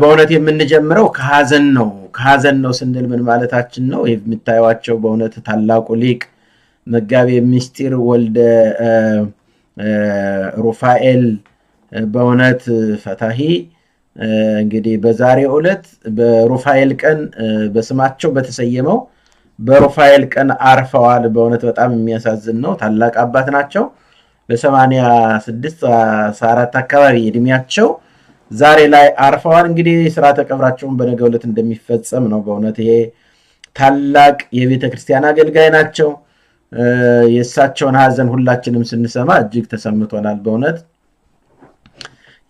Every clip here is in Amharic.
በእውነት የምንጀምረው ከሀዘን ነው። ከሀዘን ነው ስንል ምን ማለታችን ነው? የምታዩቸው በእውነት ታላቁ ሊቅ መጋቤ ምስጢር ወልደ ሩፋኤል በእውነት ፈታሂ እንግዲህ በዛሬ ዕለት በሩፋኤል ቀን በስማቸው በተሰየመው በሩፋኤል ቀን አርፈዋል። በእውነት በጣም የሚያሳዝን ነው። ታላቅ አባት ናቸው። በሰማንያ ስድስት አራት አካባቢ እድሜያቸው ዛሬ ላይ አርፈዋል። እንግዲህ ስርዓተ ቀብራቸውን በነገ ዕለት እንደሚፈጸም ነው። በእውነት ይሄ ታላቅ የቤተ ክርስቲያን አገልጋይ ናቸው። የእሳቸውን ሀዘን ሁላችንም ስንሰማ እጅግ ተሰምቶናል። በእውነት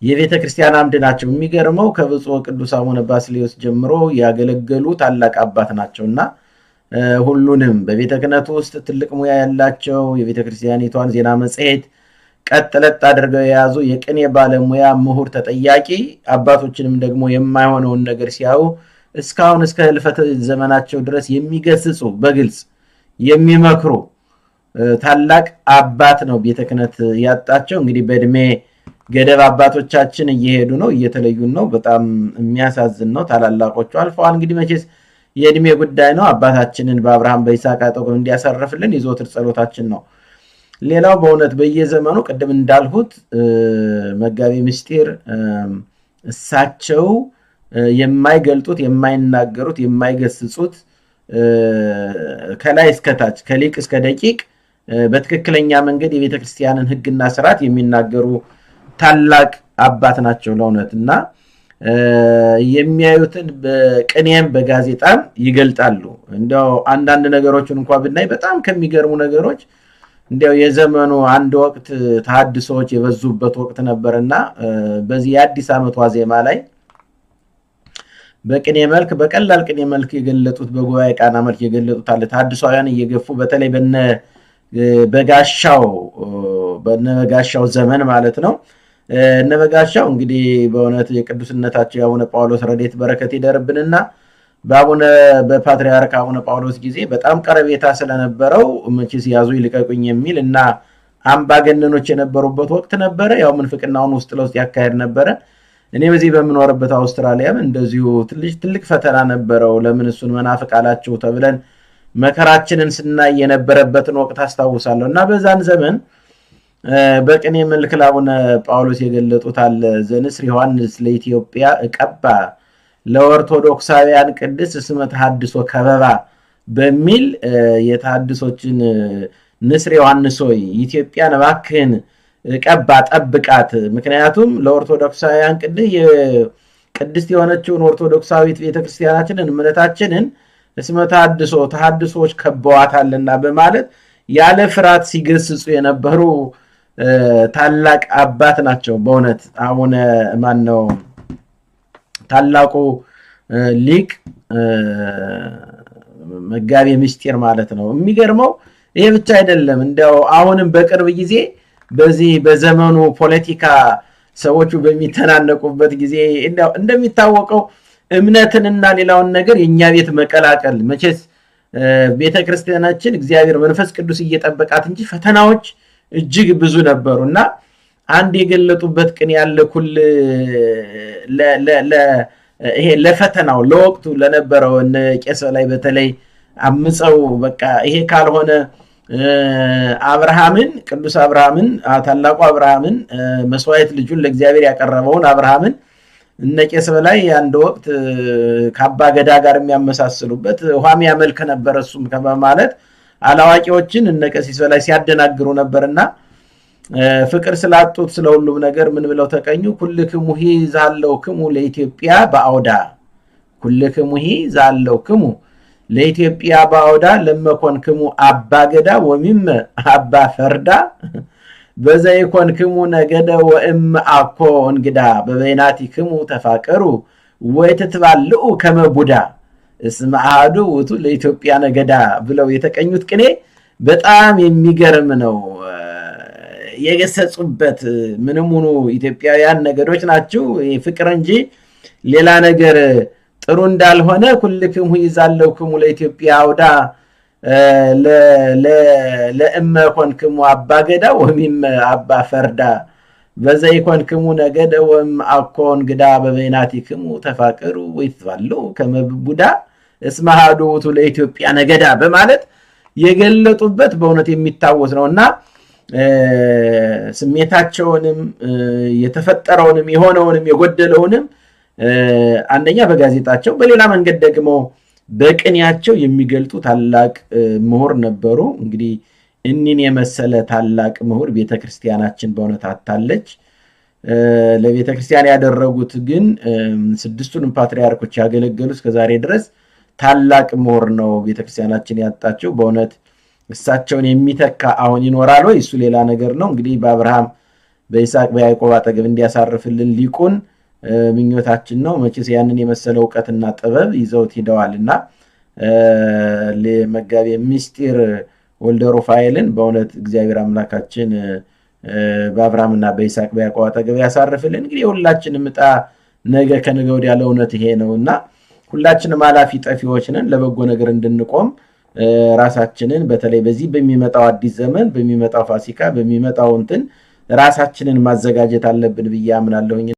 የቤተ ክርስቲያን አምድ ናቸው። የሚገርመው ከብፁዕ ቅዱስ አቡነ ባስሌዎስ ጀምሮ ያገለገሉ ታላቅ አባት ናቸው እና ሁሉንም በቤተ ክህነቱ ውስጥ ትልቅ ሙያ ያላቸው የቤተ ክርስቲያኒቷን ዜና መጽሔት ቀጥለጥ አድርገው የያዙ የቅኔ ባለሙያ ምሁር ተጠያቂ አባቶችንም ደግሞ የማይሆነውን ነገር ሲያዩ እስካሁን እስከ ህልፈት ዘመናቸው ድረስ የሚገስጹ በግልጽ የሚመክሩ ታላቅ አባት ነው ቤተ ክህነት ያጣቸው። እንግዲህ በእድሜ ገደብ አባቶቻችን እየሄዱ ነው፣ እየተለዩን ነው። በጣም የሚያሳዝን ነው። ታላላቆቹ አልፈዋል። እንግዲህ መቼስ የእድሜ ጉዳይ ነው። አባታችንን በአብርሃም በይስሐቅ ያዕቆብ እንዲያሳረፍልን የዘወትር ጸሎታችን ነው። ሌላው በእውነት በየዘመኑ ቅድም እንዳልሁት መጋቢ ምስጢር እሳቸው የማይገልጡት የማይናገሩት የማይገስጹት ከላይ እስከታች ከሊቅ እስከ ደቂቅ በትክክለኛ መንገድ የቤተ ክርስቲያንን ስርዓት የሚናገሩ ታላቅ አባት ናቸው ለእውነት እና የሚያዩትን በቅኔም በጋዜጣም ይገልጣሉ። እንዲያው አንዳንድ ነገሮችን እንኳ ብናይ በጣም ከሚገርሙ ነገሮች እንዲያው የዘመኑ አንድ ወቅት ተሐድሶዎች የበዙበት ወቅት ነበር እና በዚህ የአዲስ ዓመት ዋዜማ ላይ በቅኔ መልክ በቀላል ቅኔ መልክ የገለጡት በጉባኤ ቃና መልክ የገለጡት አለ። ተሐድሷውያን እየገፉ በተለይ በነ በጋሻው በነ በጋሻው ዘመን ማለት ነው። እነ በጋሻው እንግዲህ በእውነት የቅዱስነታቸው የአቡነ ጳውሎስ ረድኤት በረከት ይደርብንና በአቡነ በፓትሪያርክ አቡነ ጳውሎስ ጊዜ በጣም ቀረቤታ ስለነበረው መቼ ሲያዙ ይልቀቁኝ የሚል እና አምባገነኖች የነበሩበት ወቅት ነበረ። ያው ምንፍቅናውን ውስጥ ለውስጥ ያካሄድ ነበረ። እኔ በዚህ በምኖርበት አውስትራሊያም እንደዚሁ ትልቅ ፈተና ነበረው። ለምን እሱን መናፍቅ አላቸው ተብለን መከራችንን ስናይ የነበረበትን ወቅት አስታውሳለሁ እና በዛን ዘመን በቅኔ መልክ ለአቡነ ጳውሎስ የገለጡት አለ ዘንስር ዮሐንስ ለኢትዮጵያ እቀባ ለኦርቶዶክሳውያን ቅድስት ስመ ተሐድሶ ከበባ በሚል የተሐድሶችን ንስር ዮሐንስ ሆይ ኢትዮጵያን እባክህን ቀባ ጠብቃት። ምክንያቱም ለኦርቶዶክሳውያን ቅድስት የሆነችውን ኦርቶዶክሳዊት ቤተክርስቲያናችንን እምነታችንን እስመ ተሐድሶ ተሐድሶዎች ከበዋታልና በማለት ያለ ፍርሃት ሲገስጹ የነበሩ ታላቅ አባት ናቸው። በእውነት አቡነ ማን ነው? ታላቁ ሊቅ መጋቢ ምስጢር ማለት ነው። የሚገርመው ይሄ ብቻ አይደለም። እንዲያው አሁንም በቅርብ ጊዜ በዚህ በዘመኑ ፖለቲካ ሰዎቹ በሚተናነቁበት ጊዜ እንደሚታወቀው እምነትንና ሌላውን ነገር የእኛ ቤት መቀላቀል መቼስ ቤተክርስቲያናችን እግዚአብሔር መንፈስ ቅዱስ እየጠበቃት እንጂ ፈተናዎች እጅግ ብዙ ነበሩ እና አንድ የገለጡበት ቅን ያለ ኩል ይሄ ለፈተናው ለወቅቱ ለነበረው እነ ቄስ ላይ በተለይ አምፀው በቃ ይሄ ካልሆነ አብርሃምን ቅዱስ አብርሃምን ታላቁ አብርሃምን መስዋየት ልጁን ለእግዚአብሔር ያቀረበውን አብርሃምን እነ ቄስ በላይ አንድ ወቅት ከአባ ገዳ ጋር የሚያመሳስሉበት ውሃም ያመልክ ነበር እሱም ከማለት አላዋቂዎችን እነ ቀሲስ በላይ ሲያደናግሩ ነበርና ፍቅር ስላጡት ስለ ሁሉም ነገር ምን ብለው ተቀኙ? ኩልክሙ ሂ ክሙ ለኢትዮጵያ በአውዳ ኩልክሙ ሂ ክሙ ለኢትዮጵያ በአውዳ ለመኮን ክሙ አባ ገዳ ወሚመ አባ ፈርዳ ክሙ ነገደ ወእም አኮ እንግዳ በበይናቲ ክሙ ተፋቀሩ ወይ ትትባልኡ ከመቡዳ ቡዳ እስመ አሐዱ ውእቱ ለኢትዮጵያ ነገዳ ብለው የተቀኙት ቅኔ በጣም የሚገርም ነው። የገሰጹበት ምንም ሁኑ ኢትዮጵያውያን ነገዶች ናችሁ ፍቅር እንጂ ሌላ ነገር ጥሩ እንዳልሆነ ኩልክም ሁይዛለውክሙ ለኢትዮጵያ አውዳ ለእመ ኮንክሙ አባ ገዳ ወሚም አባ ፈርዳ ኮንክሙ ነገደ ወም አኮን ግዳ በበይናቲክሙ ተፋቀሩ ወይትባሉ ከመቡዳ እስማሃዶ ለኢትዮጵያ ነገዳ በማለት የገለጡበት በእውነት የሚታወስ ነው እና ስሜታቸውንም የተፈጠረውንም የሆነውንም የጎደለውንም አንደኛ በጋዜጣቸው በሌላ መንገድ ደግሞ በቅኔያቸው የሚገልጡ ታላቅ ምሁር ነበሩ። እንግዲህ እኒን የመሰለ ታላቅ ምሁር ቤተክርስቲያናችን በእውነት አታለች። ለቤተክርስቲያን ያደረጉት ግን ስድስቱንም ፓትሪያርኮች ያገለገሉ እስከዛሬ ድረስ ታላቅ ምሁር ነው ቤተክርስቲያናችን ያጣቸው በእውነት እሳቸውን የሚተካ አሁን ይኖራል ወይ? እሱ ሌላ ነገር ነው። እንግዲህ በአብርሃም በይስሐቅ በያዕቆብ አጠገብ እንዲያሳርፍልን ሊቁን ምኞታችን ነው። መቼስ ያንን የመሰለ እውቀትና ጥበብ ይዘውት ሂደዋል እና መጋቤ ምስጢር ወልደ ሩፋኤልን በእውነት እግዚአብሔር አምላካችን በአብርሃምና በይስሐቅ በያዕቆብ አጠገብ ያሳርፍልን። እንግዲህ የሁላችንም ዕጣ ነገ ከነገ ወዲያ ያለ እውነት ይሄ ነው እና ሁላችንም ኃላፊ ጠፊዎች ነን። ለበጎ ነገር እንድንቆም ራሳችንን በተለይ በዚህ በሚመጣው አዲስ ዘመን በሚመጣው ፋሲካ በሚመጣው እንትን ራሳችንን ማዘጋጀት አለብን ብዬ አምናለሁኝ።